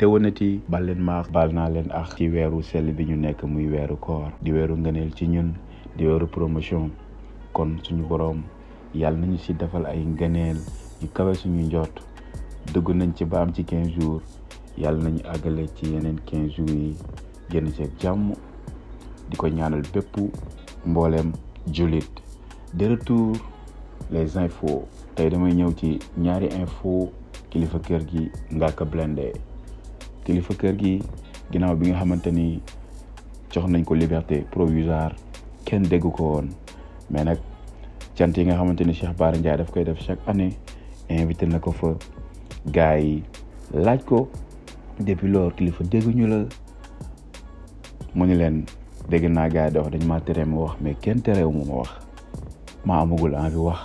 te wonati bal leen maax bal naa leen ax ci weeru sell bi ñu nekk muy weeru koor di weeru ngëneel ci ñun di weeru promotion kon suñu boroom yàlla nañu ci defal ay ngëneel yu kawe suñu njot dëgg nañ ci ba am ci quinze jours yàlla nañu àggale ci yeneen quinze jours yi génn ci jàmm di ko ñaanal bépp mbooleem jullit de retour les infos tey damay ñëw ci ñaari info kilifa kër gi Ngaaka Blindé kilifa kër gi ginnaaw bi nga xamante ni jox nañ ko liberté provisoire kenn dégg ko woon mais nag cant yi nga xamante ni Cheikh Bara Ndiaye def koy def chaque année invité na ko fa gars yi laaj ko depuis loolu kilifa dégguñu la mu ñu leen dégg naa gars yi di wax dañ maa teree ma wax mais kenn tereewu mu ma wax maa amagul envie wax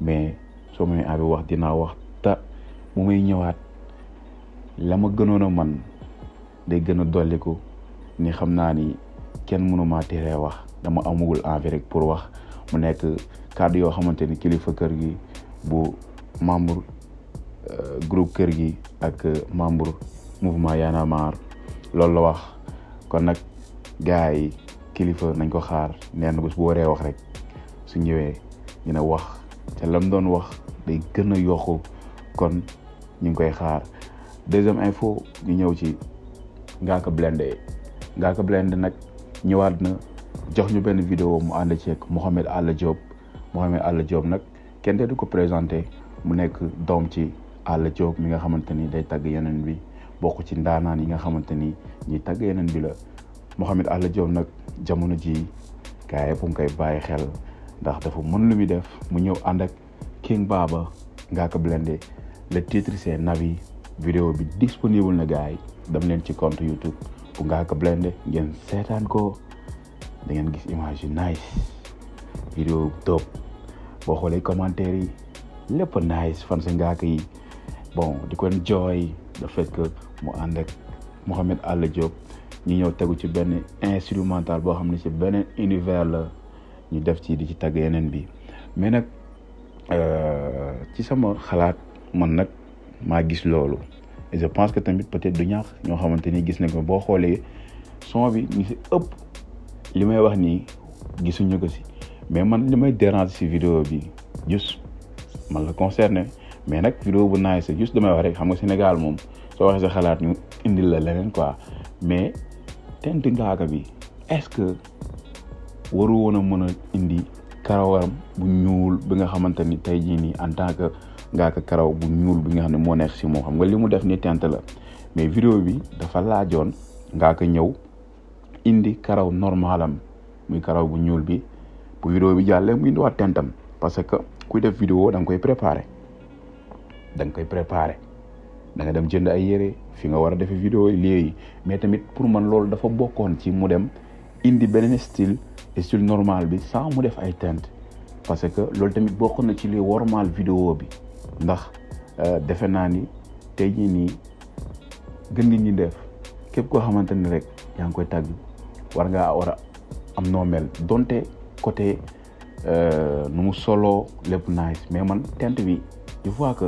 mais soo may envie wax dinaa wax ta mu may ñëwaat la ma gënoon a man day gën a dolliku ni xam naa ni kenn mënuma teree wax dama amagul envie rek pour wax mu nekk kàddu yoo xamante ni kilifa kër gi bu membre euh, group kër gi ak euh, membre mouvement Y'en a loolu la wax kon nag gars yi kilifa nañ ko xaar nee bu bés bu waree wax rek su ñëwee dina wax te lam doon wax day gën a kon ñu ngi koy xaar deuxième info ñu ñëw ci Ngaaka Blindé Ngaaka Blindé nag ñëwaat na jox ñu benn video mu ànd ceeg Mouhamed Alla Diop Mouhamed Alla Diop nag kenn de du ko présenté mu nekk doom ci Alla Diop mi nga xamante ni day tagg yeneen bi bokk ci ndaanaan yi nga xamante ni ñiy tagg yeneen bi la Mouhamed Alla Diop nag jamono ji gars yëpp nga koy bàyyi xel ndax dafa mën lu muy def mu ñëw ànd ak King Baba Ngaaka Blindé le titre c'est Nabi vidéo bi disponible na gars yi dem leen ci compte YouTube bu Ngaaka Blindé ngeen seetaan ko da ngeen gis image yu nice vidéo top boo xoolee commentaire yi lépp nice fan sa Ngaaka yi bon di ko jooy le fait que mu ànd ak Mouhamed Alla ñu ñëw tegu ci benn instrumental boo xam ne ci beneen univers la ñu def ci di ci tagg yeneen bi mais nag euh, ci sama xalaat man nag maa gis loolu et je pense que tamit peut-être du ñaax ñoo xamante ni gis na ko boo xoolee son bi ñu si ëpp li may wax nii gisuñu ko si mais man li may dérange si vidéo bi juste man la concerné mais nag vidéo bu naay sa juste damay wax rek xam nga Sénégal moom soo waxee sa xalaat ñu indil la leneen quoi mais Tent Gaaga bi est-ce que waru woon a mën a indi karawaram bu ñuul bi nga xamante ni tey jii nii en tant que ngaaka karaw gu ñuul bi nga xam ne moo neex si moom xam nga li mu def ni teint la mais vidéo bi dafa laajoon ngaaka ñëw indi karaw am muy karaw gu ñuul bi bu vidéo bi jàllee mu indiwaat tentam parce que kuy def vidéo da nga koy préparer da koy préparer da dem jënd ay yére fi nga war a defee vidéo yi léegi mais tamit pour man loolu dafa bokkoon ci mu dem indi beneen style style normal bi sans mu def ay tent parce que loolu tamit bokk na ci li wormaal vidéo bi ndax euh, defe naa ni tey jii nii gën ngi ñi def képp koo xamante rek yaa ngi koy tàgg war ngaa war a am noo donte côté euh, nu mu soloo lépp nice mais man teint bi je vois que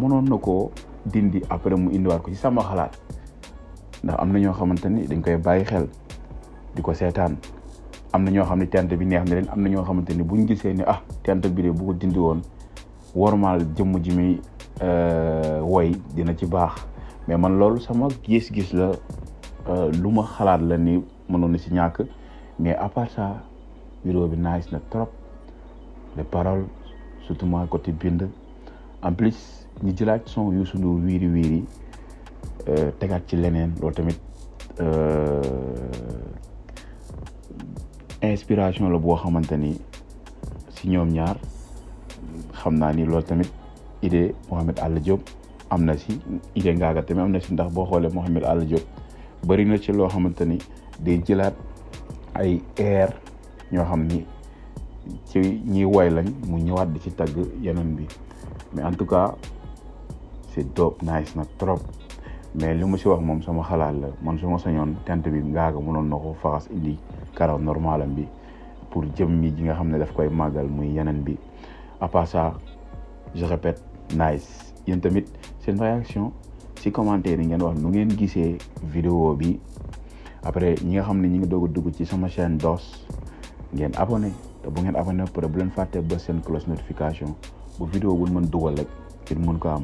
mënoon na koo dindi après mu indiwaat ko ci sama xalaat ndax am na ñoo xamante ni dañ koy bàyyi xel di ko seetaan am na ñoo xam ne teint bi neex na leen am na ñoo xamante ni buñ gisee ni ah teint bi de bu dindi woon wormaal jëmm ji muy euh, woy dina ci baax mais man loolu sama gis-gis la euh, lu ma xalaat la ni mënoon na si ñàkk mais à part ça vidéo bi nice na trop les paroles surtout moi côté bind en plus ñi jëlaat son suñu Ndour wiiri wiiri euh, tegaat ci leneen loolu tamit inspiration la boo xamante ni si ñoom ñaar xam naa ni loolu tamit idée Mouhamed Alla Diop am na si idée Ngaaka tamit am na si ndax boo xoolee Mouhamed Alla Diop bëri na ci loo xamante ni day jëlaat ay air ñoo xam ni ci ñiy woy lañ mu ñëwaat di ci tagg yeneen bi mais en tout cas c'est dope nice na trop mais li mu si wax moom sama xalaat la man su ma sañoon tent bi Ngaaka mënoon na ko faxas indi karaw normalam bi pour jëm mi ji nga xam ne daf koy màggal muy yeneen bi à part ça je répète nice yéen tamit seen réaction si commentaire yi ngeen wax nu ngeen gisee vidéo bi après ñi nga xam ni ñi ngi doog a dugg ci sama chaîne DOS ngeen abonné te bu ngeen abonné pare bu leen fàtte ba seen cloche notification bu vidéo buñ mën dugal rek ngeen mën ko am